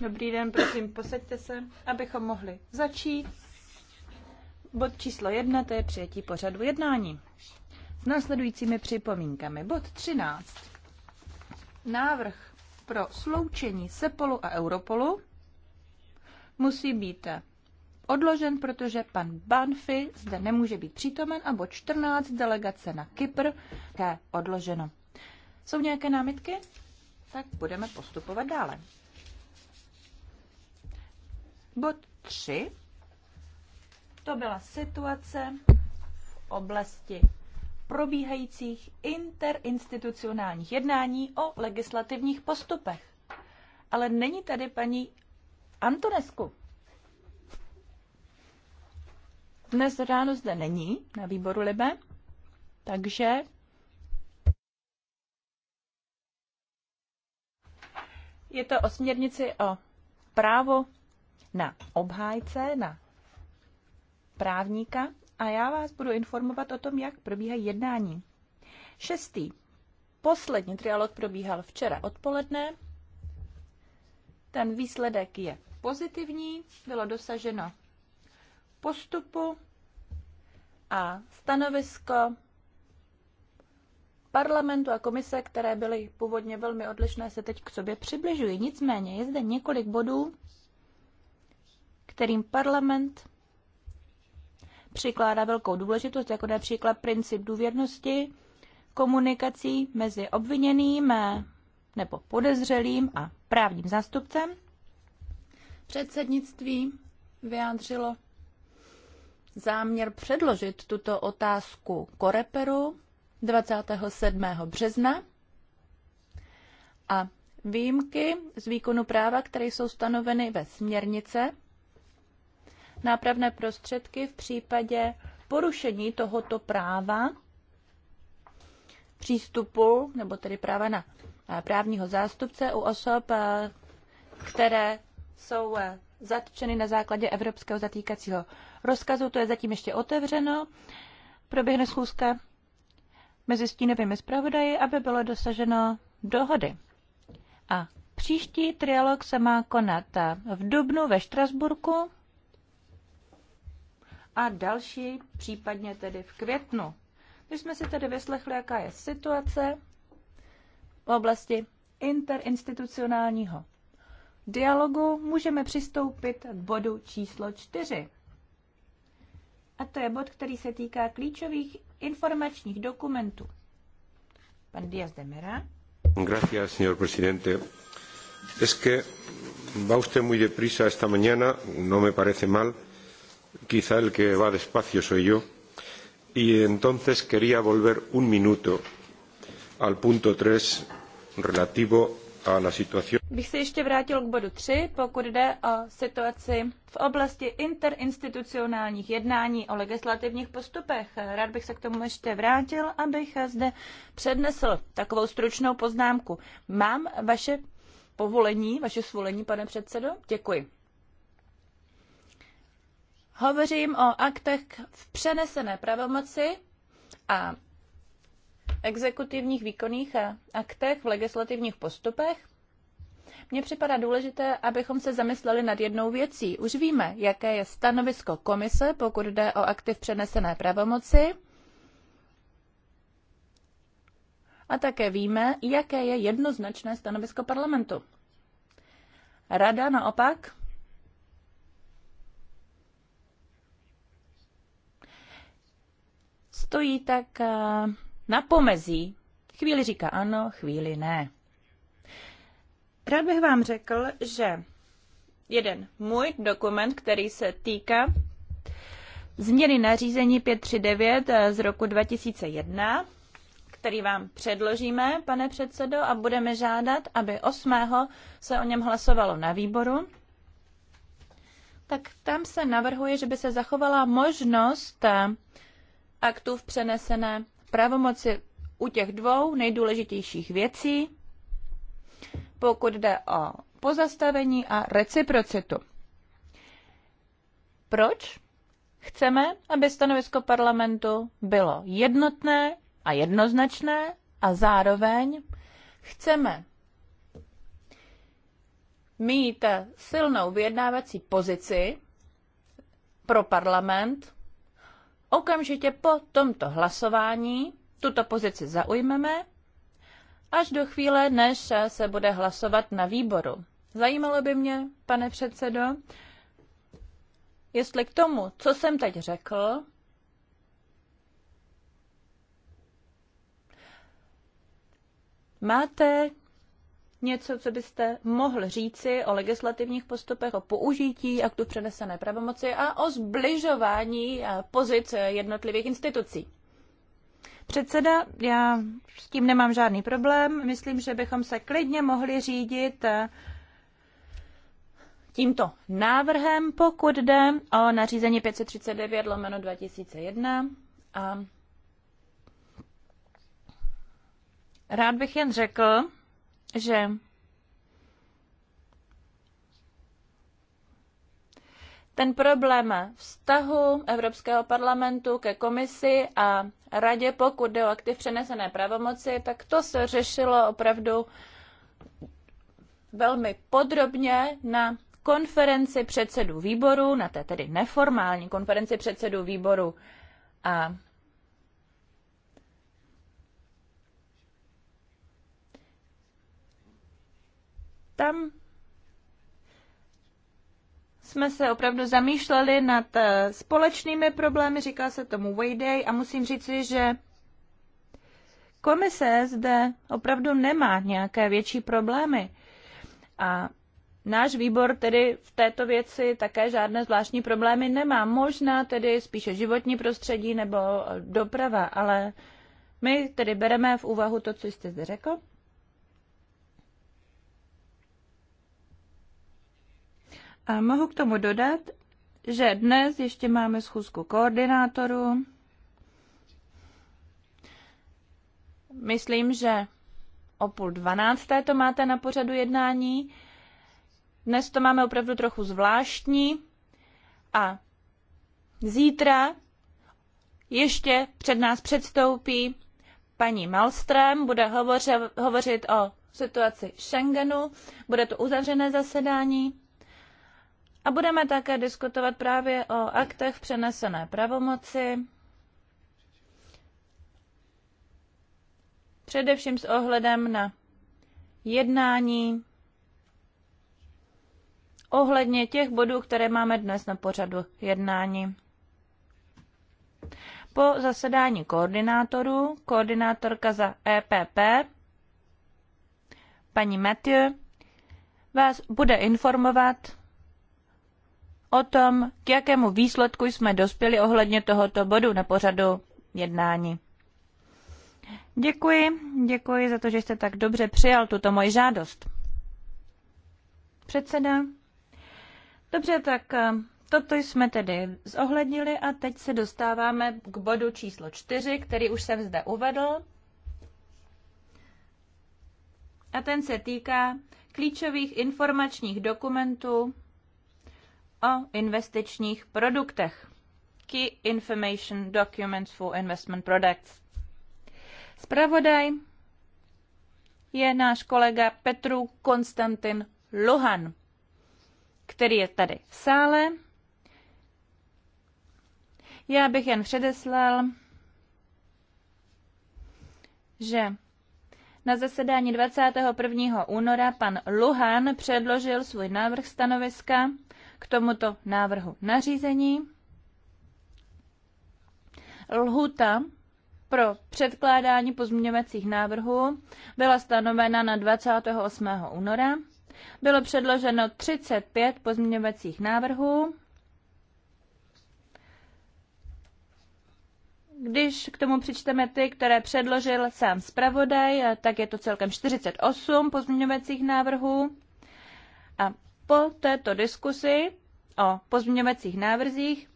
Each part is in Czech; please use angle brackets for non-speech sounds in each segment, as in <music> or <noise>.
Dobrý den, prosím, posaďte se, abychom mohli začít. Bod číslo jedna, to je přijetí pořadu jednání. S následujícími připomínkami. Bod 13. Návrh pro sloučení Sepolu a Europolu musí být odložen, protože pan Banfi zde nemůže být přítomen a bod 14 delegace na Kypr je odloženo. Jsou nějaké námitky? Tak budeme postupovat dále. Bod 3. To byla situace v oblasti probíhajících interinstitucionálních jednání o legislativních postupech. Ale není tady paní Antonesku. dnes ráno zde není na výboru Libe, takže je to o směrnici o právo na obhájce, na právníka a já vás budu informovat o tom, jak probíhají jednání. Šestý. Poslední trialog probíhal včera odpoledne. Ten výsledek je pozitivní, bylo dosaženo postupu a stanovisko parlamentu a komise, které byly původně velmi odlišné, se teď k sobě přibližují. Nicméně je zde několik bodů, kterým parlament přikládá velkou důležitost, jako například princip důvěrnosti, komunikací mezi obviněným eh, nebo podezřelým a právním zástupcem. Předsednictví vyjádřilo záměr předložit tuto otázku Koreperu 27. března a výjimky z výkonu práva, které jsou stanoveny ve směrnice, nápravné prostředky v případě porušení tohoto práva přístupu, nebo tedy práva na eh, právního zástupce u osob, eh, které jsou eh, zatčeny na základě evropského zatýkacího rozkazu. To je zatím ještě otevřeno. Proběhne schůzka mezi stínovými zpravodaji, aby bylo dosaženo dohody. A příští trialog se má konat v Dubnu ve Štrasburku a další případně tedy v květnu. Když jsme si tedy vyslechli, jaká je situace v oblasti interinstitucionálního dialogu můžeme přistoupit k bodu číslo 4. A to je bod, který se týká klíčových informačních dokumentů. Pan Díaz de Mera. Gracias, señor presidente. Es que va usted muy deprisa esta mañana, no me parece mal. Quizá el que va despacio soy yo. Y entonces quería volver un minuto al punto 3 relativo a Bych se ještě vrátil k bodu 3, pokud jde o situaci v oblasti interinstitucionálních jednání o legislativních postupech. Rád bych se k tomu ještě vrátil, abych zde přednesl takovou stručnou poznámku. Mám vaše povolení, vaše svolení, pane předsedo? Děkuji. Hovořím o aktech v přenesené pravomoci a exekutivních výkonných aktech, v legislativních postupech, mně připadá důležité, abychom se zamysleli nad jednou věcí. Už víme, jaké je stanovisko komise, pokud jde o aktiv přenesené pravomoci. A také víme, jaké je jednoznačné stanovisko parlamentu. Rada naopak stojí tak eh, na pomezí. Chvíli říká ano, chvíli ne. Rád bych vám řekl, že jeden můj dokument, který se týká změny nařízení 539 eh, z roku 2001, který vám předložíme, pane předsedo, a budeme žádat, aby 8. se o něm hlasovalo na výboru, tak tam se navrhuje, že by se zachovala možnost eh, aktů v přenesené pravomoci u těch dvou nejdůležitějších věcí, pokud jde o pozastavení a reciprocitu. Proč? Chceme, aby stanovisko parlamentu bylo jednotné a jednoznačné a zároveň chceme mít silnou vyjednávací pozici pro parlament okamžitě po tomto hlasování tuto pozici zaujmeme až do chvíle, než se bude hlasovat na výboru. Zajímalo by mě, pane předsedo, jestli k tomu, co jsem teď řekl, máte něco, co byste mohl říci o legislativních postupech, o použití aktu přenesené pravomoci a o zbližování eh, pozic eh, jednotlivých institucí. Předseda, já s tím nemám žádný problém. Myslím, že bychom se klidně mohli řídit eh, tímto návrhem, pokud jde o nařízení 539 lomeno 2001 a Rád bych jen řekl, že ten problém vztahu Evropského parlamentu ke komisi a radě, pokud jde o aktiv přenesené pravomoci, tak to se řešilo opravdu velmi podrobně na konferenci předsedů výboru, na té tedy neformální konferenci předsedů výboru. A Tam jsme se opravdu zamýšleli nad eh, společnými problémy, říká se tomu Wayday a musím říci, že komise zde opravdu nemá nějaké větší problémy. A náš výbor tedy v této věci také žádné zvláštní problémy nemá. Možná tedy spíše životní prostředí nebo eh, doprava, ale my tedy bereme v úvahu to, co jste zde řekl. A mohu k tomu dodat, že dnes ještě máme schůzku koordinátorů. Myslím, že o půl dvanácté to máte na pořadu jednání. Dnes to máme opravdu trochu zvláštní a zítra ještě před nás předstoupí paní Malström, bude hovořit, hovořit o situaci Schengenu, bude to uzavřené zasedání a budeme také diskutovat právě o aktech přenesené pravomoci, především s ohledem na jednání ohledně těch bodů, které máme dnes na pořadu jednání. Po zasedání koordinátorů, koordinátorka za EPP, paní Mathieu, vás bude informovat o tom, k jakému výsledku jsme dospěli ohledně tohoto bodu na pořadu jednání. Děkuji, děkuji za to, že jste tak dobře přijal tuto moji žádost. Předseda. Dobře, tak eh, toto jsme tedy zohlednili a teď se dostáváme k bodu číslo čtyři, který už jsem zde uvedl. A ten se týká klíčových informačních dokumentů o investičních produktech. Key Information Documents for Investment Products. Spravodaj je náš kolega Petru Konstantin Luhan, který je tady v sále. Já bych jen předeslal, že na zasedání 21. února pan Luhan předložil svůj návrh stanoviska k tomuto návrhu nařízení. Lhuta pro předkládání pozměňovacích návrhů byla stanovena na 28. února. Bylo předloženo 35 pozměňovacích návrhů. Když k tomu přičteme ty, které předložil sám zpravodaj, tak je to celkem 48 pozměňovacích návrhů. A po této diskusi o pozměňovacích návrzích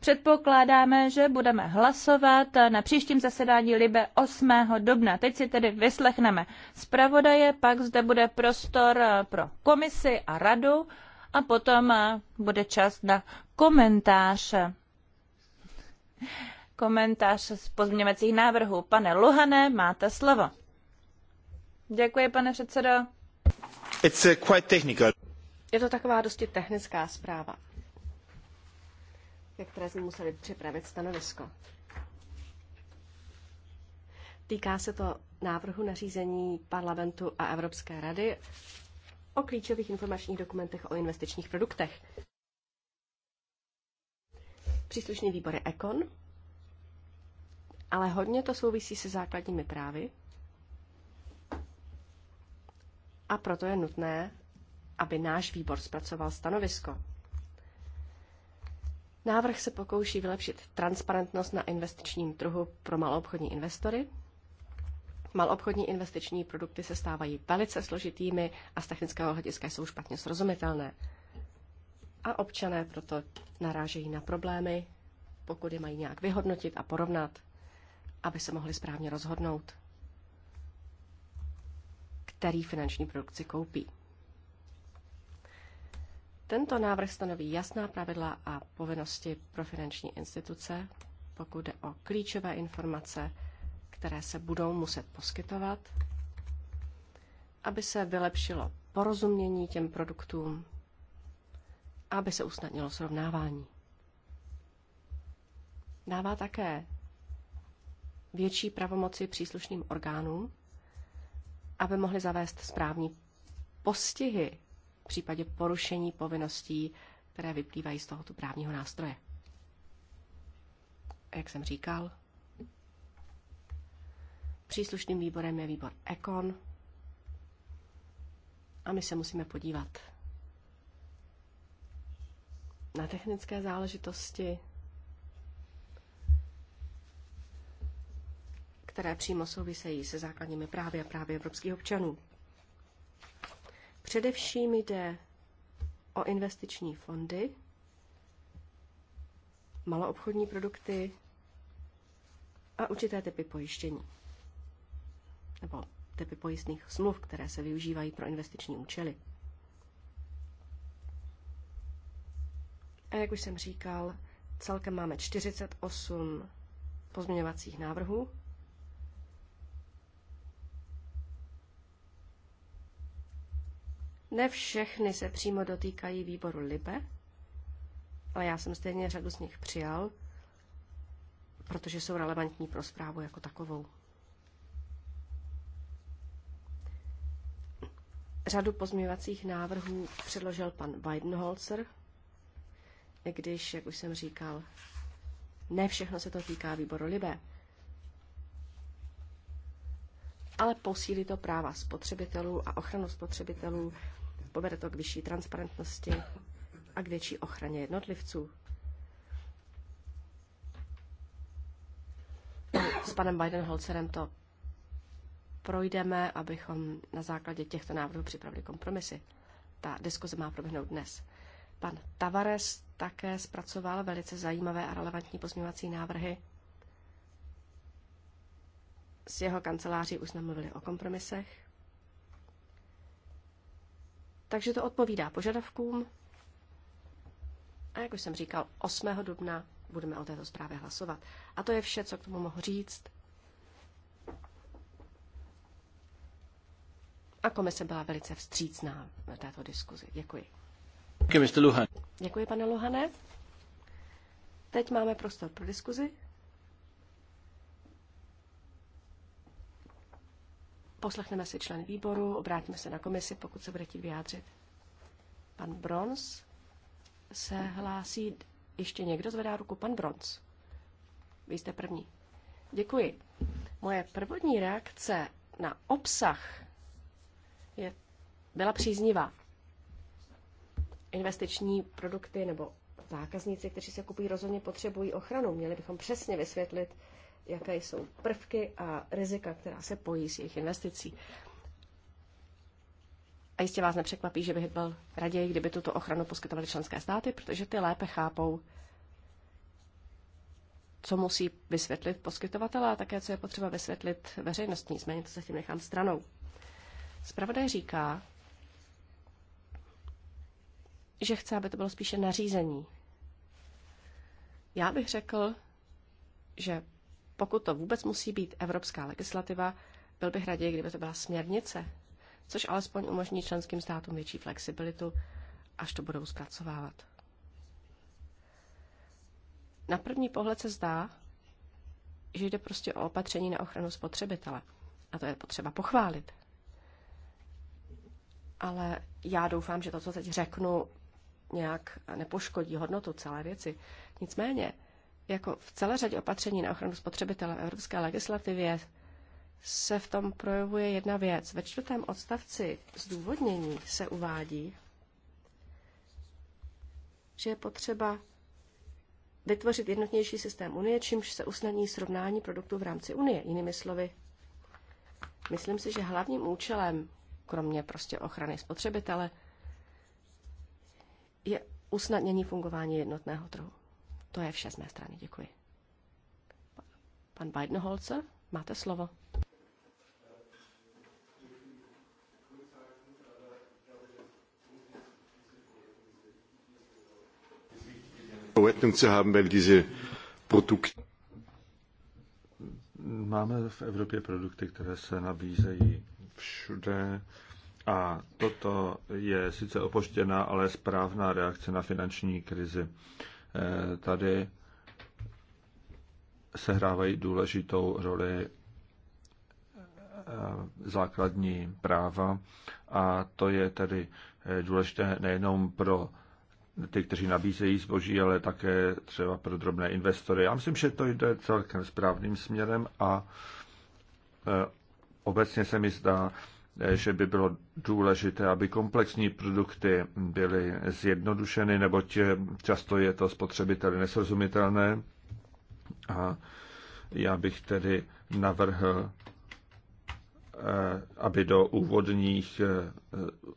předpokládáme, že budeme hlasovat na příštím zasedání Libe 8. dubna. Teď si tedy vyslechneme zpravodaje, pak zde bude prostor pro komisi a radu a potom bude čas na komentář komentář z pozměňovacích návrhů. Pane Luhane, máte slovo. Děkuji, pane předsedo. It's uh, quite technical. Je to taková dosti technická zpráva, ke které jsme museli připravit stanovisko. Týká se to návrhu nařízení parlamentu a Evropské rady o klíčových informačních dokumentech o investičních produktech. Příslušný výbor je ECON, ale hodně to souvisí se základními právy a proto je nutné, aby náš výbor zpracoval stanovisko. Návrh se pokouší vylepšit transparentnost na investičním trhu pro maloobchodní investory. Maloobchodní investiční produkty se stávají velice složitými a z technického hlediska jsou špatně srozumitelné. A občané proto narážejí na problémy, pokud je mají nějak vyhodnotit a porovnat, aby se mohli správně rozhodnout, který finanční produkt si koupí. Tento návrh stanoví jasná pravidla a povinnosti pro finanční instituce, pokud jde o klíčové informace, které se budou muset poskytovat, aby se vylepšilo porozumění těm produktům, aby se usnadnilo srovnávání. Dává také větší pravomoci příslušným orgánům, aby mohli zavést správní postihy v případě porušení povinností, které vyplývají z tohoto právního nástroje. Jak jsem říkal, příslušným výborem je výbor ECON a my se musíme podívat na technické záležitosti, které přímo souvisejí se základními právy a právy evropských občanů. Především jde o investiční fondy, maloobchodní produkty a určité typy pojištění nebo typy pojistných smluv, které se využívají pro investiční účely. A jak už jsem říkal, celkem máme 48 pozměňovacích návrhů Ne všechny se přímo dotýkají výboru LIBE, ale já jsem stejně řadu z nich přijal, protože jsou relevantní pro zprávu jako takovou. Řadu pozměňovacích návrhů předložil pan Weidenholzer, i když, jak už jsem říkal, ne všechno se to týká výboru Libe, Ale posílí to práva spotřebitelů a ochranu spotřebitelů povede to k vyšší transparentnosti a k větší ochraně jednotlivců. S panem Bidenholzerem to projdeme, abychom na základě těchto návrhů připravili kompromisy. Ta diskuze má proběhnout dnes. Pan Tavares také zpracoval velice zajímavé a relevantní pozměňovací návrhy. S jeho kanceláří už jsme mluvili o kompromisech. Takže to odpovídá požadavkům. A jak už jsem říkal, 8. dubna budeme o této zprávě hlasovat. A to je vše, co k tomu mohu říct. A komise byla velice vstřícná na této diskuzi. Děkuji. Děkuji, Luhan. Děkuji, pane Luhane. Teď máme prostor pro diskuzi. Poslechneme si člen výboru, obrátíme se na komisi, pokud se bude chtít vyjádřit. Pan Bronz se hlásí. Ještě někdo zvedá ruku? Pan Bronz. Vy jste první. Děkuji. Moje prvodní reakce na obsah je, byla příznivá. Investiční produkty nebo zákazníci, kteří se kupují, rozhodně potřebují ochranu. Měli bychom přesně vysvětlit, jaké jsou prvky a rizika, která se pojí s jejich investicí. A jistě vás nepřekvapí, že bych byl raději, kdyby tuto ochranu poskytovaly členské státy, protože ty lépe chápou, co musí vysvětlit poskytovatele a také, co je potřeba vysvětlit veřejnosti. Nicméně to tím nechám stranou. Spravodaj říká, že chce, aby to bylo spíše nařízení. Já bych řekl, že pokud to vůbec musí být evropská legislativa, byl bych raději, kdyby to byla směrnice, což alespoň umožní členským státům větší flexibilitu, až to budou zpracovávat. Na první pohled se zdá, že jde prostě o opatření na ochranu spotřebitele. A to je potřeba pochválit. Ale já doufám, že to, co teď řeknu, nějak nepoškodí hodnotu celé věci. Nicméně, jako v celé řadě opatření na ochranu spotřebitele v evropské legislativě se v tom projevuje jedna věc. Ve čtvrtém odstavci zdůvodnění se uvádí, že je potřeba vytvořit jednotnější systém Unie, čímž se usnadní srovnání produktů v rámci Unie. Jinými slovy, myslím si, že hlavním účelem, kromě prostě ochrany spotřebitele, je usnadnění fungování jednotného trhu. To je vše z mé strany. Děkuji. Pan Bidenholzer, máte slovo. Máme v Evropě produkty, které se nabízejí všude a toto je sice opoštěná, ale správná reakce na finanční krizi. Eh, tady sehrávají důležitou roli eh, základní práva a to je tedy eh, důležité nejenom pro ty, kteří nabízejí zboží, ale také třeba pro drobné investory. Já myslím, že to jde celkem správným směrem a obecně se mi zdá, že by bylo důležité, aby komplexní produkty byly zjednodušeny, neboť často je to spotřebiteli nesrozumitelné. A já bych tedy navrhl, eh, aby do úvodních eh,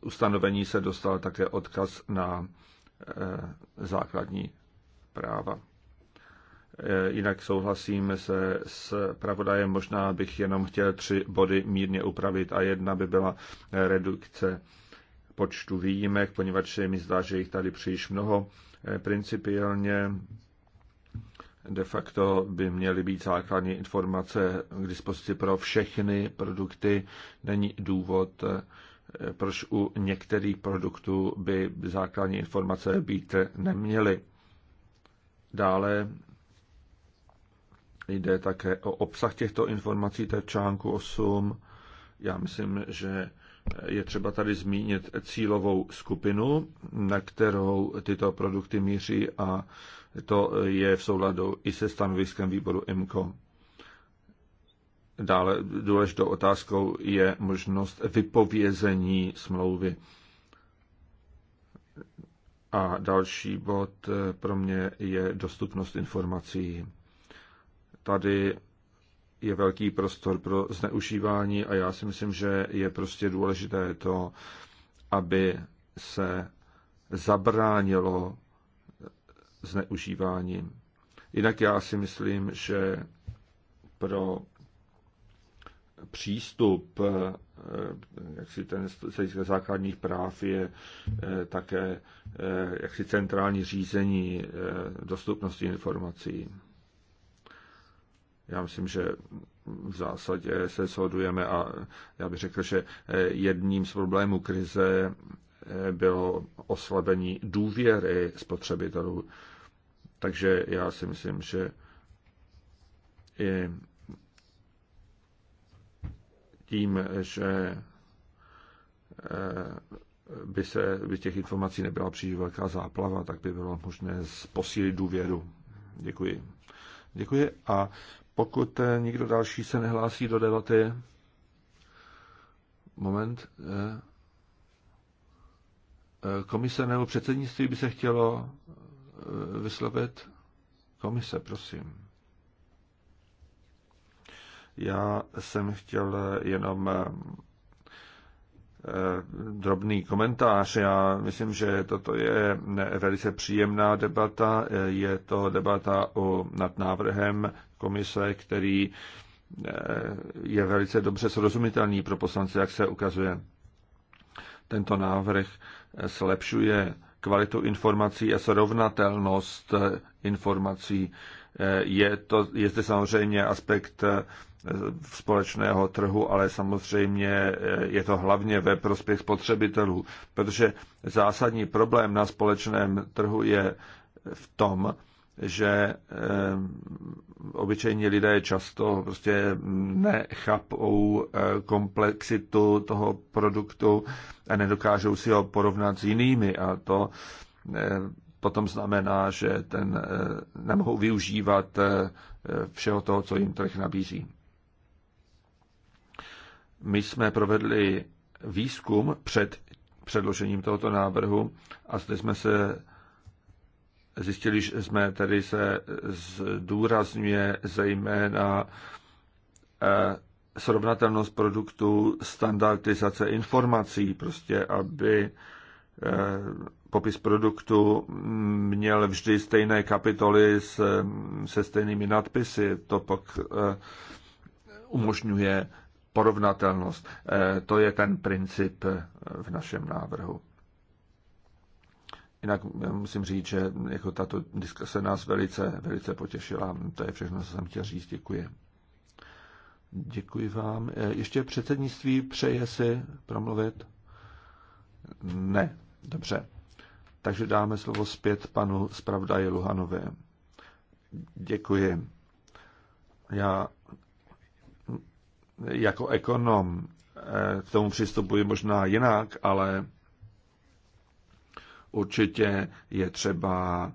ustanovení se dostal také odkaz na eh, základní práva. E, jinak souhlasím se s pravodajem, možná bych jenom chtěl tři body mírně upravit a jedna by byla redukce počtu výjimek, poněvadž se mi zdá, že jich tady příliš mnoho. E, principiálně de facto by měly být základní informace k dispozici pro všechny produkty. Není důvod, e, proč u některých produktů by základní informace být neměly. Dále Jde také o obsah těchto informací, to je článku 8. Já myslím, že je třeba tady zmínit cílovou skupinu, na kterou tyto produkty míří a to je v souladu i se stanoviskem výboru IMCO. Dále důležitou otázkou je možnost vypovězení smlouvy. A další bod pro mě je dostupnost informací tady je velký prostor pro zneužívání a já si myslím, že je prostě důležité to, aby se zabránilo zneužívání. Jinak já si myslím, že pro přístup eh, jak si ten základních práv je eh, také eh, jak si centrální řízení dostupnosti informací. Já myslím, že v zásadě se shodujeme a já bych řekl, že eh, jedním z problémů krize eh, bylo oslabení důvěry spotřebitelů. Takže já si myslím, že i tím, že eh, by se by těch informací nebyla příliš velká záplava, tak by bylo možné posílit důvěru. Děkuji. Děkuji a pokud eh, nikdo další se nehlásí do debaty, moment, eh, eh, komise nebo předsednictví by se chtělo vyslovit. Komise, prosím. Já jsem chtěl jenom drobný komentář. Já myslím, že toto je velice příjemná debata. Je to debata o, nad návrhem komise, který eh, je velice dobře srozumitelný pro poslance, jak se ukazuje. Tento návrh zlepšuje kvalitu informací a srovnatelnost eh, informací. Eh, je, to, je zde samozřejmě aspekt společného trhu, ale samozřejmě je to hlavně ve prospěch spotřebitelů, protože zásadní problém na společném trhu je v tom, že eh, obyčejní lidé často prostě nechápou eh, komplexitu toho produktu a nedokážou si ho porovnat s jinými a to eh, potom znamená, že ten, nemohou využívat všeho toho, co jim trh nabízí. My jsme provedli výzkum před předložením tohoto návrhu a zde jsme se zjistili jsme tedy se zdůrazňuje zejména eh, srovnatelnost produktů, standardizace informací, prostě aby eh, popis produktu měl vždy stejné kapitoly se, se stejnými nadpisy. To pak eh, umožňuje porovnatelnost. To je ten princip v našem návrhu. Jinak eh, musím říct, že jako tato diskuse nás velice, velice potěšila. To je všechno, co jsem chtěl říct. Děkuji. Děkuji vám. Eh, ještě předsednictví přeje si promluvit? Ne. Dobře. Takže dáme slovo zpět panu zpravodaji Luhanovi. Děkuji. Já jako ekonom eh, k tomu přistupuji možná jinak, ale Určitě je třeba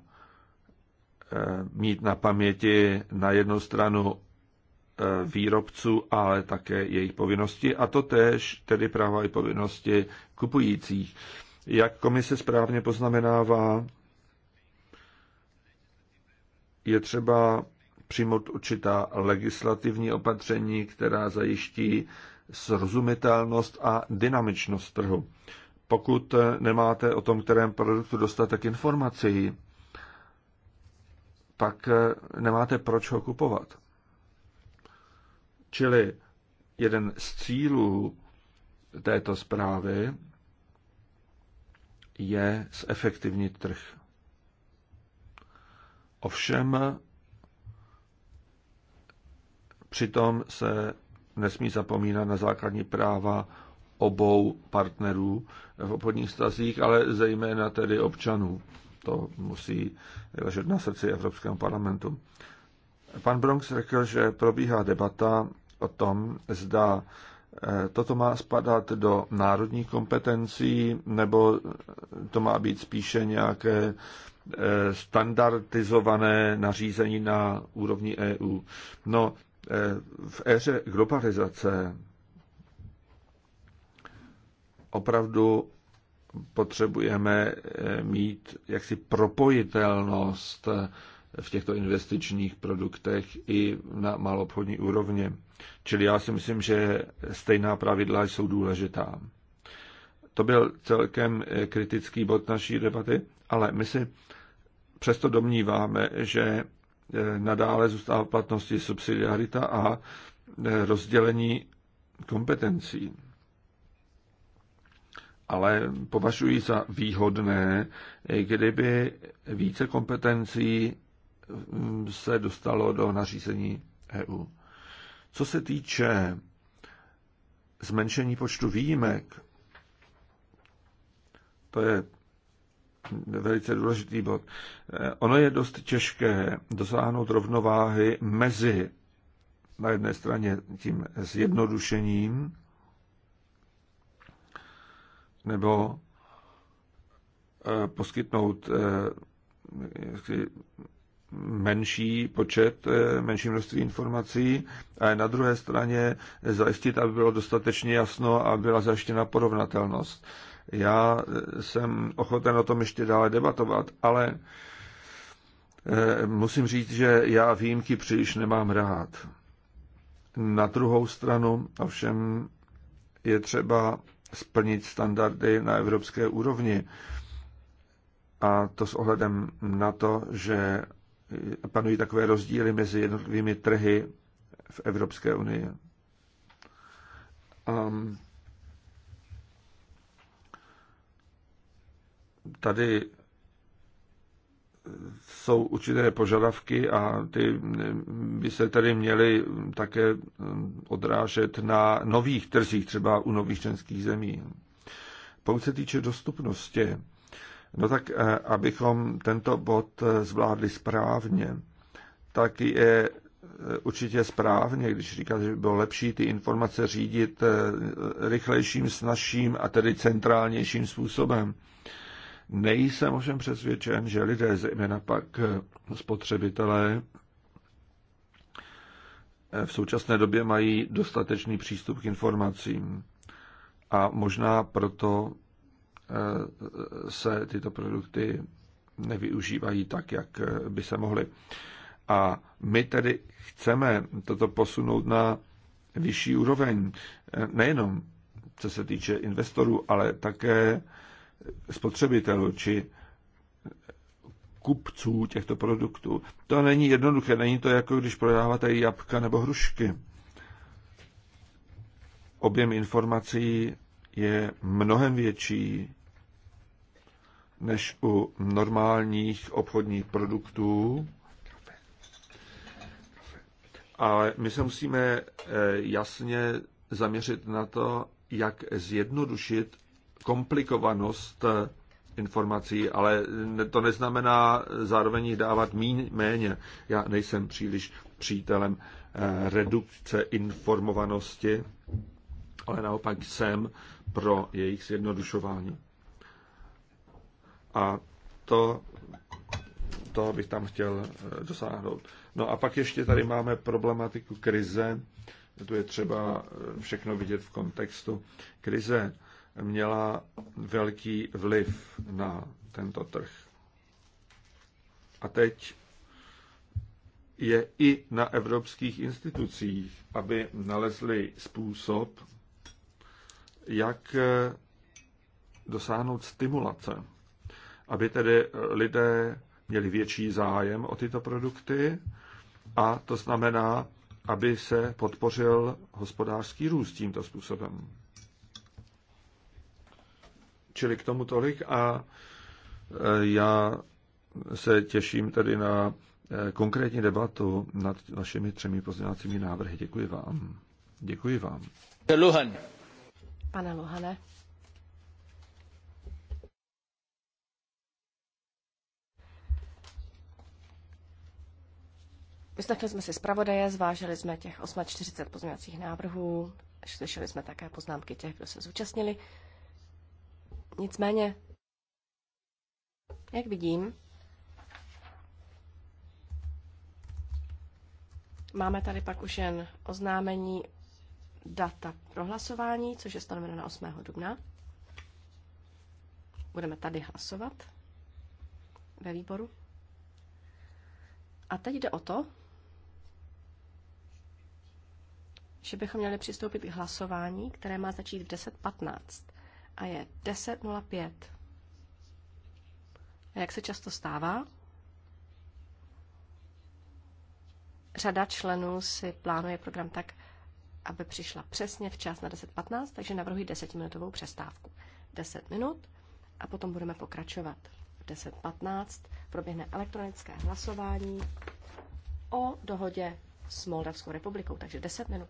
eh, mít na paměti na jednu stranu eh, výrobců, ale také jejich povinnosti a to též tedy práva i povinnosti kupujících. Jak komise správně poznamenává, je třeba přijmout určitá legislativní opatření, která zajiští srozumitelnost a dynamičnost trhu pokud nemáte o tom, kterém produktu dostatek informací, pak nemáte proč ho kupovat. Čili jeden z cílů této zprávy je zefektivnit trh. Ovšem, přitom se nesmí zapomínat na základní práva obou partnerů v obchodních stazích, ale zejména tedy občanů. To musí ležet na srdci Evropskému parlamentu. Pan Bronx řekl, že probíhá debata o tom, zda eh, toto má spadat do národních kompetencí, nebo to má být spíše nějaké eh, standardizované nařízení na úrovni EU. No, eh, v éře globalizace opravdu potřebujeme eh, mít jaksi propojitelnost eh, v těchto investičních produktech i na malobchodní úrovni. Čili já si myslím, že stejná pravidla jsou důležitá. To byl celkem eh, kritický bod naší debaty, ale my si přesto domníváme, že nadále zůstává v platnosti subsidiarita a rozdělení kompetencí ale považuji za výhodné, kdyby více kompetencí mm, se dostalo do nařízení EU. Co se týče zmenšení počtu výjimek, to je velice důležitý bod. Eh, ono je dost těžké dosáhnout rovnováhy mezi na jedné straně tím zjednodušením nebo eh, poskytnout eh, menší počet, eh, menší množství informací, a na druhé straně zajistit, aby bylo dostatečně jasno a byla zajištěna porovnatelnost. Já jsem ochoten o tom ještě dále debatovat, ale musím říct, že já výjimky příliš nemám rád. Na druhou stranu ovšem je třeba splnit standardy na evropské úrovni. A to s ohledem na to, že panují takové rozdíly mezi jednotlivými trhy v Evropské unii. A ehm, tady jsou určité požadavky a ty by se tedy měly také odrážet na nových trzích, třeba u nových členských zemí. Pokud se týče dostupnosti, no tak eh, abychom tento bod eh, zvládli správně, tak je eh, určitě správně, když říkáte, že by bylo lepší ty informace řídit rychlejším, snažším a tedy centrálnějším způsobem. Nejsem ovšem přesvědčen, že lidé, zejména pak eh, spotřebitelé, eh, v současné době mají dostatečný přístup k informacím a možná proto eh, se tyto produkty nevyužívají tak, jak by se mohly. A my tedy chceme toto posunout na vyšší úroveň, nejenom co se týče investorů, ale také spotřebitelů či kupců těchto produktů. To není jednoduché, není to jako když prodáváte jabka nebo hrušky. Objem informací je mnohem větší než u normálních obchodních produktů, ale my se musíme eh, jasně zaměřit na to, jak zjednodušit komplikovanost eh, informací, ale to neznamená zároveň jich dávat mín, méně. Já nejsem příliš přítelem eh, redukce informovanosti, ale naopak jsem pro jejich zjednodušování. A to, to bych tam chtěl eh, dosáhnout. No a pak ještě tady máme problematiku krize. Tu je třeba všechno vidět v kontextu. Krize měla velký vliv na tento trh. A teď je i na evropských institucích, aby nalezli způsob, jak eh, dosáhnout stimulace, aby tedy eh, lidé měli větší zájem o tyto produkty a to znamená, aby se podpořil hospodářský růst tímto způsobem. Čili k tomu tolik a e, já se těším tedy na e, konkrétní debatu nad vašimi třemi pozměňovacími návrhy. Děkuji vám. Děkuji vám. Luhan. Pane Luhane. Vyslechli jsme si zpravodaje, zvážili jsme těch 840 pozměňovacích návrhů, slyšeli jsme také poznámky těch, kdo se zúčastnili. Nicméně, jak vidím, máme tady pak už jen oznámení data prohlasování, což je stanoveno na 8. dubna. Budeme tady hlasovat ve výboru. A teď jde o to, že bychom měli přistoupit k hlasování, které má začít v a je 10.05. A jak se často stává? Řada členů si plánuje program tak, aby přišla přesně včas na 10.15, takže navrhuji 10-minutovou přestávku. 10 minut a potom budeme pokračovat. V 10.15 proběhne elektronické hlasování o dohodě s Moldavskou republikou, takže 10 minut.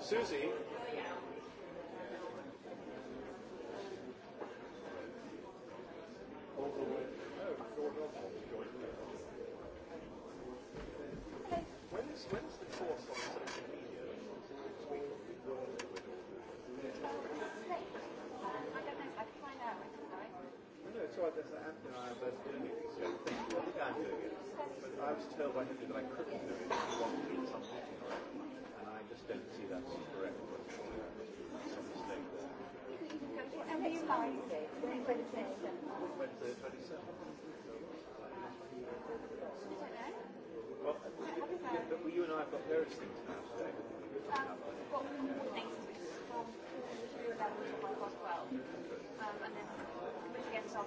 Susie I was told by Henry that I couldn't do it if you wanted to something, and I just don't see that as correct. I'm sure there must some mistake there. And it's fine. Wednesday um, the 27th. Wednesday 27th. Well, yeah, but you and I have got various things now today. Um, a couple of things which is from 2 to 11 to half past 12. Um, and then, which gets off.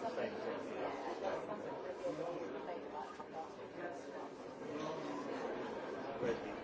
Thank you.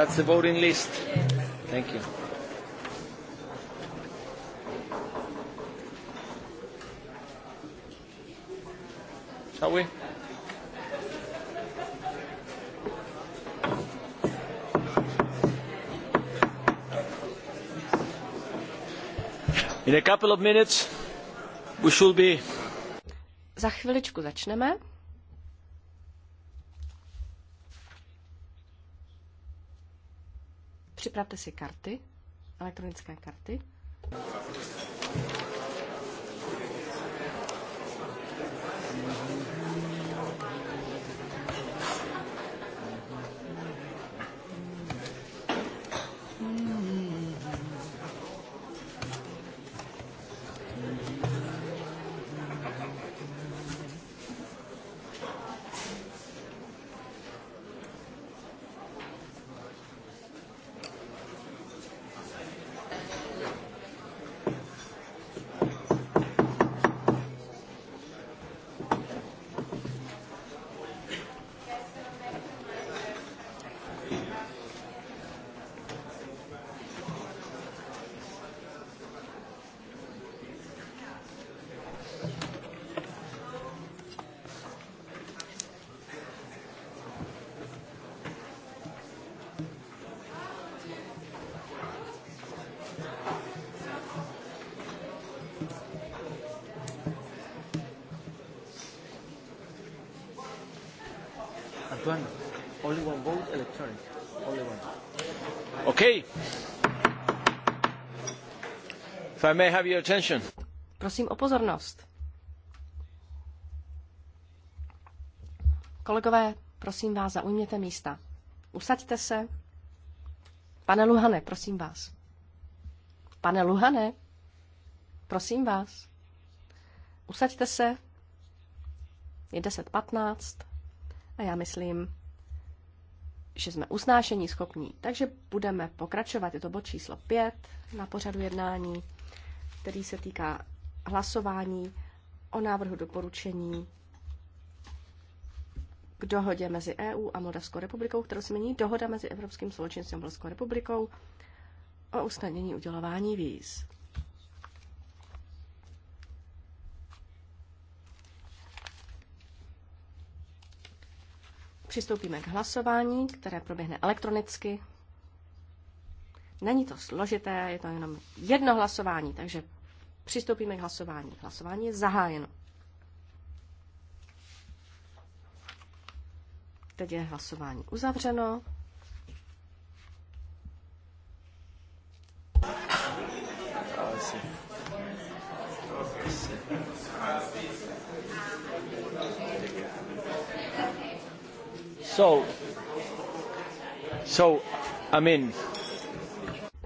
That's the voting list. Thank you. Shall we? In a couple of minutes we should be... Za chviličku začneme. Připravte si karty, elektronické karty. Prosím o pozornost. Kolegové, prosím vás, zaujměte místa. Usaďte se. Pane Luhane, prosím vás. Pane Luhane, prosím vás. Usaďte se. Je 10.15 a já myslím, že jsme usnášení schopní. Takže budeme pokračovat. Je to bod číslo 5 na pořadu jednání který se týká hlasování o návrhu doporučení k dohodě mezi EU a Moldavskou republikou, kterou se mění dohoda mezi Evropským společenstvím a Moldavskou republikou o usnadnění udělování víz. Přistoupíme k hlasování, které proběhne elektronicky. Není to složité, je to jenom jedno hlasování, takže přistoupíme k hlasování. Hlasování je zahájeno. Teď je hlasování uzavřeno. So, so, I mean,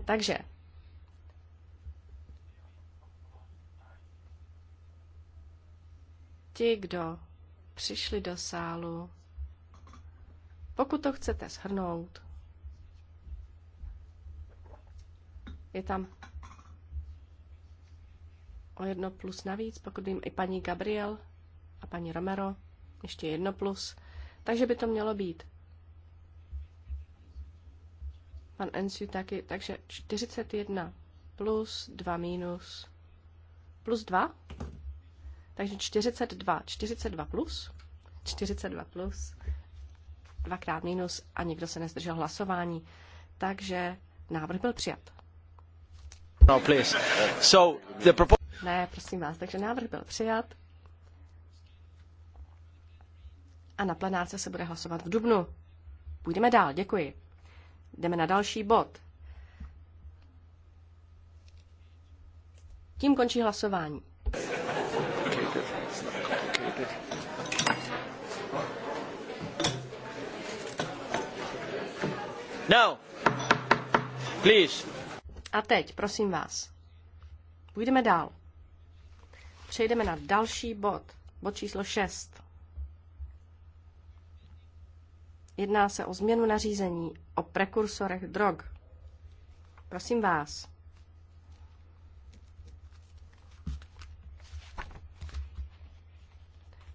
takže ti, kdo přišli do sálu, pokud to chcete shrnout, je tam o jedno plus navíc, pokud vím i paní Gabriel a paní Romero, ještě jedno plus, takže by to mělo být pan Ensu taky, takže 41 plus 2 minus plus 2, takže 42, 42 plus, 42 plus, dvakrát minus a nikdo se nezdržel hlasování, takže návrh byl přijat. No, please. So, the propo- ne, prosím vás, takže návrh byl přijat a na plenárce se bude hlasovat v Dubnu. Půjdeme dál, děkuji. Jdeme na další bod. Tím končí hlasování. Now, please. A teď, prosím vás, půjdeme dál. Přejdeme na další bod, bod číslo 6. Jedná se o změnu nařízení o prekursorech drog. Prosím vás.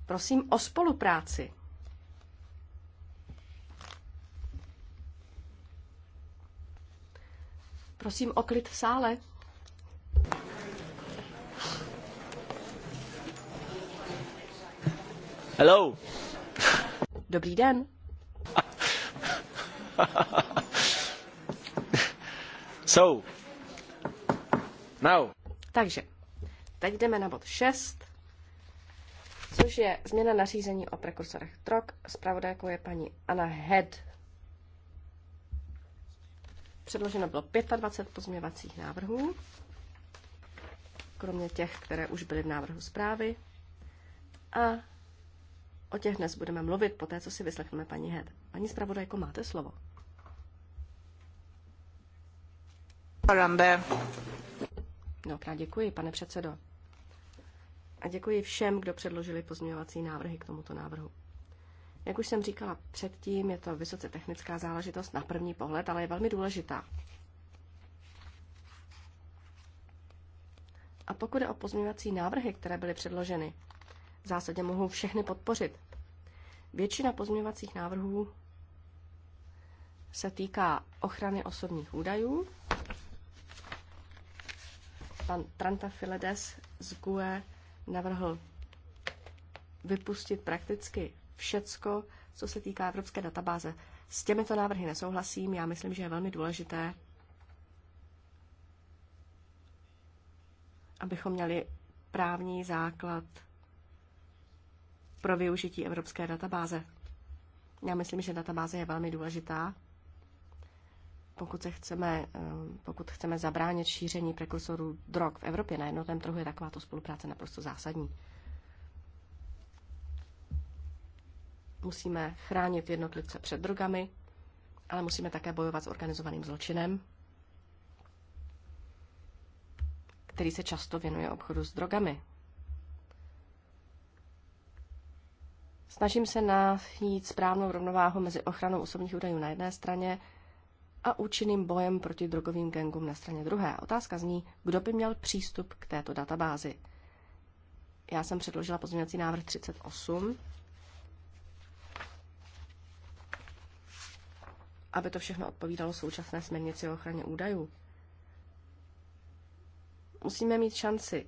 Prosím o spolupráci. Prosím o klid v sále. Hello. Dobrý den. <laughs> so, now. Takže, teď jdeme na bod 6, což je změna nařízení o prekursorech drog. Spravodajkou je paní Anna Head. Předloženo bylo 25 pozměvacích návrhů, kromě těch, které už byly v návrhu zprávy. A O těch dnes budeme mluvit po té, co si vyslechneme paní Hed. Paní zpravodajko, máte slovo. No, Mnohokrát děkuji, pane předsedo. A děkuji všem, kdo předložili pozměňovací návrhy k tomuto návrhu. Jak už jsem říkala předtím, je to vysoce technická záležitost na první pohled, ale je velmi důležitá. A pokud je o pozměňovací návrhy, které byly předloženy, v zásadě mohu všechny podpořit. Většina pozměňovacích návrhů se týká ochrany osobních údajů. Pan Tranta Filedes z GUE navrhl vypustit prakticky všecko, co se týká evropské databáze. S těmito návrhy nesouhlasím. Já myslím, že je velmi důležité, abychom měli právní základ pro využití evropské databáze. Já myslím, že databáze je velmi důležitá, pokud, se chceme, eh, pokud chceme zabránit šíření prekursorů drog v Evropě na jednotném trhu, je takováto spolupráce naprosto zásadní. Musíme chránit jednotlivce před drogami, ale musíme také bojovat s organizovaným zločinem, který se často věnuje obchodu s drogami. Snažím se najít správnou rovnováhu mezi ochranou osobních údajů na jedné straně a účinným bojem proti drogovým gangům na straně druhé. Otázka zní, kdo by měl přístup k této databázi. Já jsem předložila pozměňovací návrh 38, aby to všechno odpovídalo současné směrnici o ochraně údajů. Musíme mít šanci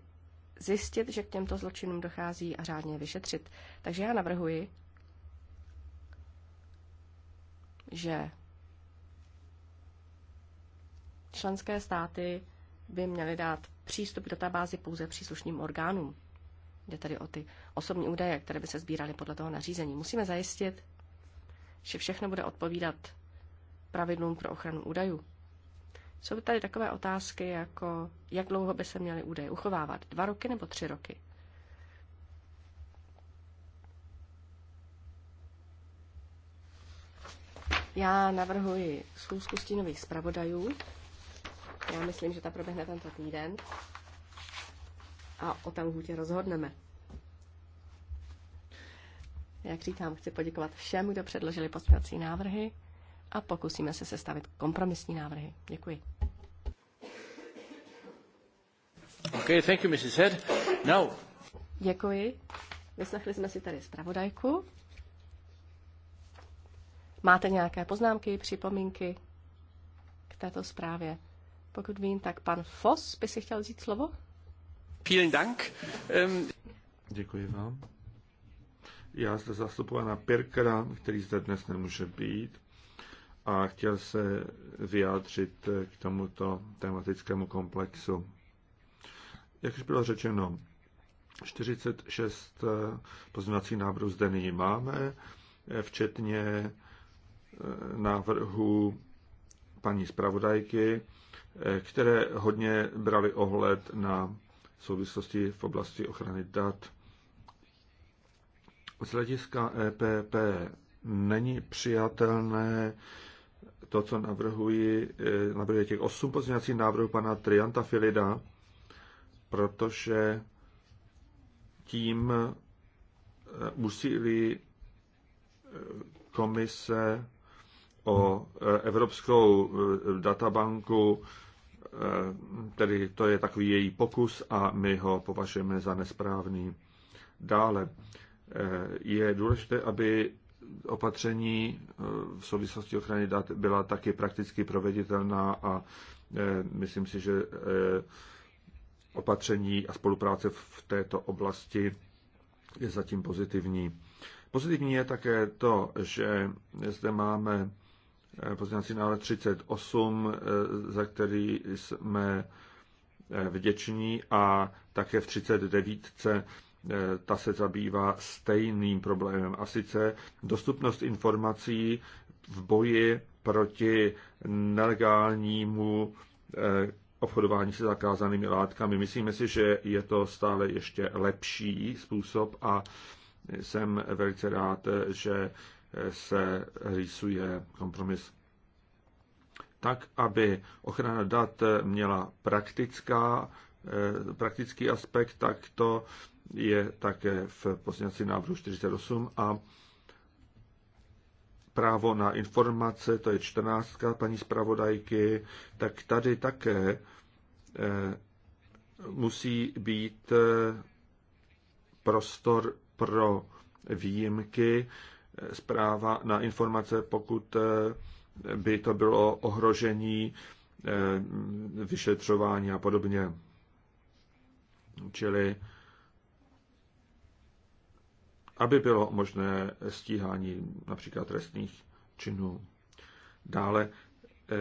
zjistit, že k těmto zločinům dochází a řádně vyšetřit. Takže já navrhuji, že členské státy by měly dát přístup k databázi pouze příslušným orgánům. Jde tedy o ty osobní údaje, které by se sbíraly podle toho nařízení. Musíme zajistit, že všechno bude odpovídat pravidlům pro ochranu údajů. Jsou tady takové otázky, jako jak dlouho by se měly údaje uchovávat? Dva roky nebo tři roky? Já navrhuji schůzku stínových zpravodajů. Já myslím, že ta proběhne tento týden. A o té lhůtě rozhodneme. Jak říkám, chci poděkovat všem, kdo předložili pozměňovací návrhy a pokusíme se sestavit kompromisní návrhy. Děkuji. Okay, thank you, Mrs. Head. Now. Děkuji. Vyslechli jsme si tady zpravodajku. Máte nějaké poznámky, připomínky k této zprávě? Pokud vím, tak pan Foss by si chtěl vzít slovo. Vielen Dank. Um... Děkuji vám. Já zde zastupovala Pirkera, který zde dnes nemůže být a chtěl se vyjádřit k tomuto tematickému komplexu. Jak už bylo řečeno, 46 pozměňovacích návrhů zde nyní máme, včetně eh, návrhu paní zpravodajky, eh, které hodně brali ohled na souvislosti v oblasti ochrany dat. Z hlediska EPP není přijatelné to, co navrhuji, eh, navrhuji těch osm pozměňovacích návrhů pana Trianta Filida, protože tím eh, úsilí eh, komise o Evropskou databanku, tedy to je takový její pokus a my ho považujeme za nesprávný. Dále je důležité, aby opatření eh, v souvislosti ochrany dat byla taky prakticky proveditelná a eh, myslím si, že eh, opatření a spolupráce v této oblasti je zatím pozitivní. Pozitivní je také to, že zde máme pozitivní návrh 38, za který jsme vděční a také v 39 Eh, ta se zabývá stejným problémem, a sice dostupnost informací v boji proti nelegálnímu eh, obchodování se zakázanými látkami. Myslíme si, že je to stále ještě lepší způsob a jsem velice rád, že eh, se rýsuje kompromis tak, aby ochrana dat měla praktická, praktický aspekt, tak to je také v pozměňovacím návrhu 48 a právo na informace, to je 14. paní zpravodajky, tak tady také eh, musí být eh, prostor pro výjimky, eh, zpráva na informace, pokud by to bylo ohrožení vyšetřování a podobně. Čili aby bylo možné stíhání například trestných činů. Dále eh,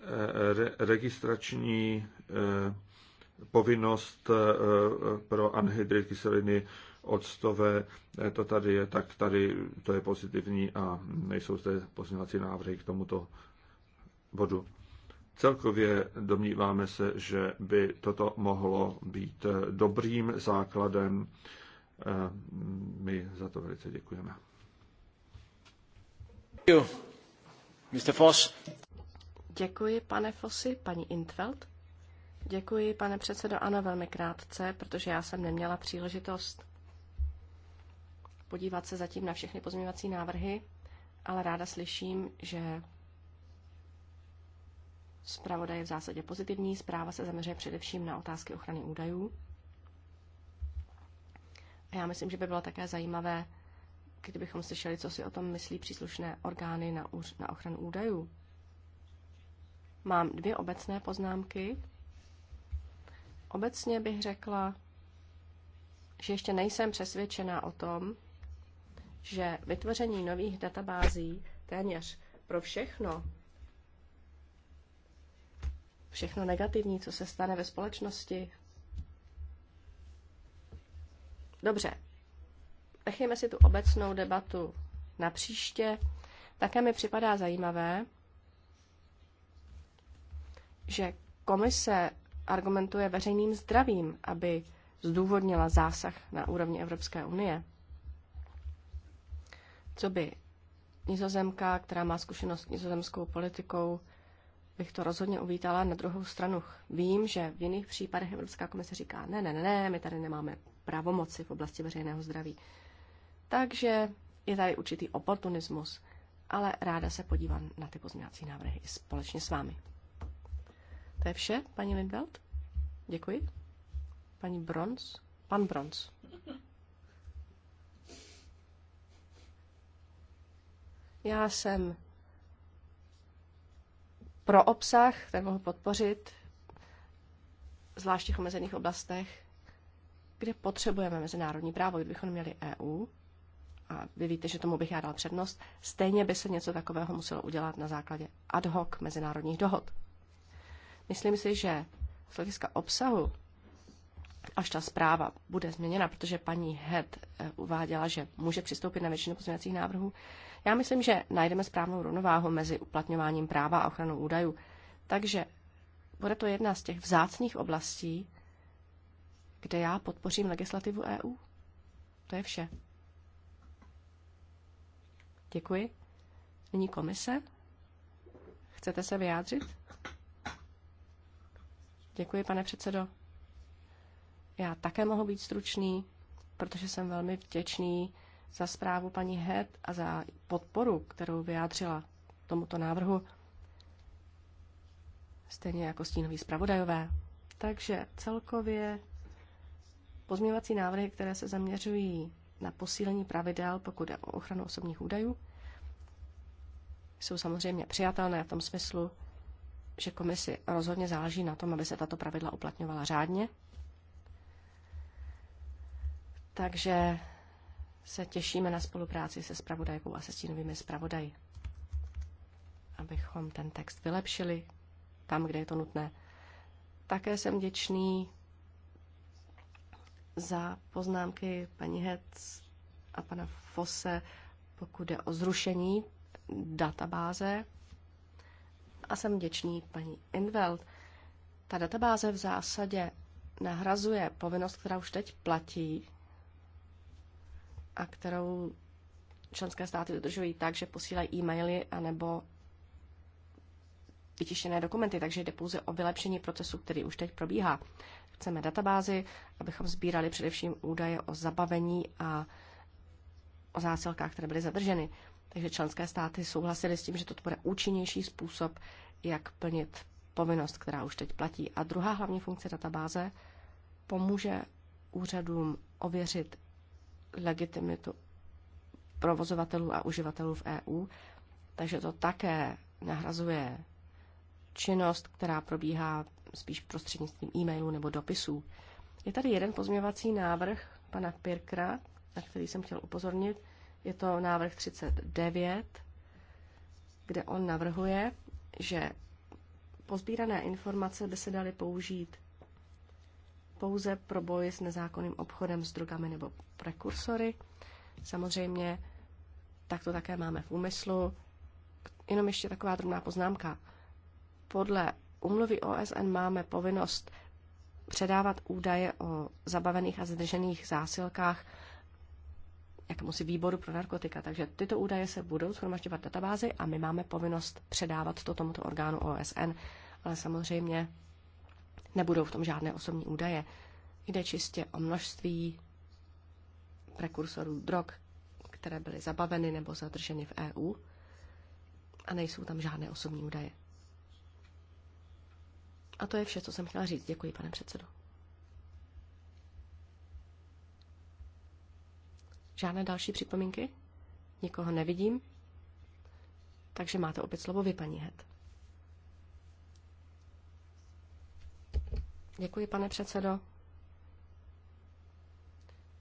eh, re, registrační eh, povinnost pro anhydrid kyseliny octové, to tady je, tak tady to je pozitivní a nejsou zde pozměňovací návrhy k tomuto bodu. Celkově domníváme se, že by toto mohlo být dobrým základem my za to velice děkujeme. Děkuji, pane Fossi, paní Intveld. Děkuji, pane předsedo. Ano, velmi krátce, protože já jsem neměla příležitost podívat se zatím na všechny pozměňovací návrhy, ale ráda slyším, že zpravodaj je v zásadě pozitivní. Zpráva se zaměřuje především na otázky ochrany údajů. A já myslím, že by bylo také zajímavé, kdybychom slyšeli, co si o tom myslí příslušné orgány na, na ochranu údajů. Mám dvě obecné poznámky. Obecně bych řekla, že ještě nejsem přesvědčená o tom, že vytvoření nových databází téměř pro všechno, všechno negativní, co se stane ve společnosti, Dobře, nechejme si tu obecnou debatu na příště. Také mi připadá zajímavé, že komise argumentuje veřejným zdravím, aby zdůvodnila zásah na úrovni Evropské unie. Co by nizozemka, která má zkušenost s nizozemskou politikou, bych to rozhodně uvítala. Na druhou stranu vím, že v jiných případech Evropská komise říká, ne, ne, ne, my tady nemáme pravomoci v oblasti veřejného zdraví. Takže je tady určitý oportunismus, ale ráda se podívám na ty pozměňovací návrhy i společně s vámi. To je vše, paní Lindveld? Děkuji. Paní Bronz? Pan Bronz. Já jsem pro obsah, ten mohu podpořit, zvláště v omezených oblastech, kde potřebujeme mezinárodní právo, kdybychom měli EU, a vy víte, že tomu bych já dal přednost, stejně by se něco takového muselo udělat na základě ad hoc mezinárodních dohod. Myslím si, že z hlediska obsahu až ta zpráva bude změněna, protože paní Head eh, uváděla, že může přistoupit na většinu pozměňovacích návrhů. Já myslím, že najdeme správnou rovnováhu mezi uplatňováním práva a ochranou údajů. Takže bude to jedna z těch vzácných oblastí, kde já podpořím legislativu EU. To je vše. Děkuji. Nyní komise. Chcete se vyjádřit? Děkuji, pane předsedo. Já také mohu být stručný, protože jsem velmi vděčný za zprávu paní Het a za podporu, kterou vyjádřila tomuto návrhu, stejně jako stínoví zpravodajové. Takže celkově Pozměňovací návrhy, které se zaměřují na posílení pravidel, pokud je o ochranu osobních údajů, jsou samozřejmě přijatelné v tom smyslu, že komisi rozhodně záleží na tom, aby se tato pravidla uplatňovala řádně. Takže se těšíme na spolupráci se spravodajkou a se stínovými spravodaji, abychom ten text vylepšili tam, kde je to nutné. Také jsem děčný za poznámky paní Hec a pana Fose, pokud jde o zrušení databáze. A jsem vděčný paní Inveld. Ta databáze v zásadě nahrazuje povinnost, která už teď platí a kterou členské státy dodržují tak, že posílají e-maily anebo vytištěné dokumenty, takže jde pouze o vylepšení procesu, který už teď probíhá. Chceme databázi, abychom sbírali především údaje o zabavení a o zásilkách, které byly zadrženy. Takže členské státy souhlasily s tím, že to bude účinnější způsob, jak plnit povinnost, která už teď platí. A druhá hlavní funkce databáze pomůže úřadům ověřit legitimitu provozovatelů a uživatelů v EU, takže to také nahrazuje činnost, která probíhá spíš prostřednictvím e-mailu nebo dopisů. Je tady jeden pozměvací návrh pana Pirkra, na který jsem chtěl upozornit. Je to návrh 39, kde on navrhuje, že pozbírané informace by se daly použít pouze pro boj s nezákonným obchodem s drogami nebo prekursory. Samozřejmě, tak to také máme v úmyslu. Jenom ještě taková drobná poznámka. Podle umluvy OSN máme povinnost předávat údaje o zabavených a zadržených zásilkách musí výboru pro narkotika. Takže tyto údaje se budou shromažďovat v databázi a my máme povinnost předávat to tomuto orgánu OSN, ale samozřejmě nebudou v tom žádné osobní údaje. Jde čistě o množství prekursorů drog, které byly zabaveny nebo zadrženy v EU a nejsou tam žádné osobní údaje. A to je vše, co jsem chtěla říct. Děkuji, pane předsedo. Žádné další připomínky? Nikoho nevidím? Takže máte opět slovo vy, paní Het. Děkuji, pane předsedo.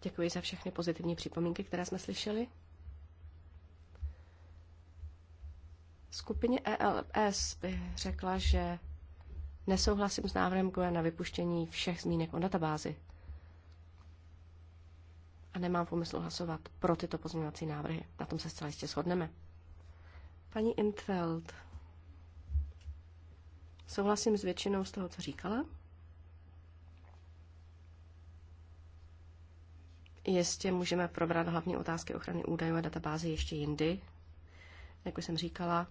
Děkuji za všechny pozitivní připomínky, které jsme slyšeli. Skupině ELS bych řekla, že nesouhlasím s návrhem GUE na vypuštění všech zmínek o databázi. A nemám v úmyslu hlasovat pro tyto pozměňovací návrhy. Na tom se zcela jistě shodneme. Paní Intfeld, souhlasím s většinou z toho, co říkala. Jistě můžeme probrat hlavní otázky ochrany údajů a databázy ještě jindy. Jak už jsem říkala,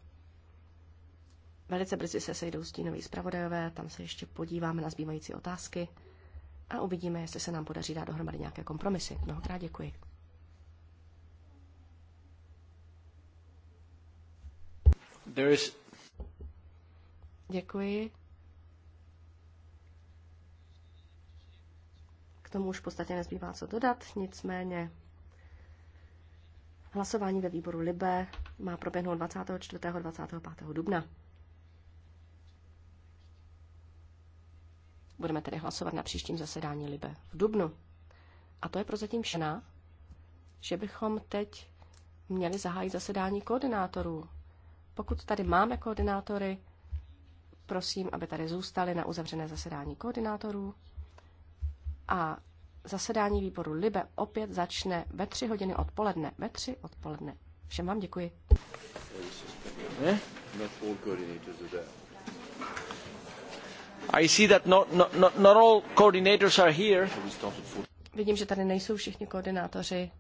Velice brzy se sejdou stínoví zpravodajové, tam se ještě podíváme na zbývající otázky a uvidíme, jestli se nám podaří dát dohromady nějaké kompromisy. Mnohokrát děkuji. There is... Děkuji. K tomu už v podstatě nezbývá co dodat, nicméně hlasování ve výboru Libe má proběhnout 24. 25. dubna. Budeme tedy hlasovat na příštím zasedání Libe v Dubnu. A to je prozatím všechno, že bychom teď měli zahájit zasedání koordinátorů. Pokud tady máme koordinátory, prosím, aby tady zůstali na uzavřené zasedání koordinátorů. A zasedání výboru Libe opět začne ve tři hodiny odpoledne. Ve tři odpoledne. Všem vám děkuji. Eh? Not all coordinators are there. I see that not, not, not all coordinators are here. Vidím, že tady nejsou všichni koordinátoři.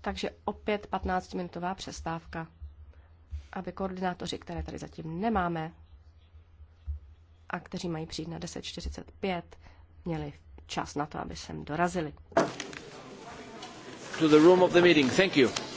Takže opět 15-minutová přestávka, aby koordinátoři, které tady zatím nemáme a kteří mají přijít na 10.45, měli čas na to, aby sem dorazili. To the room of the meeting. Thank you.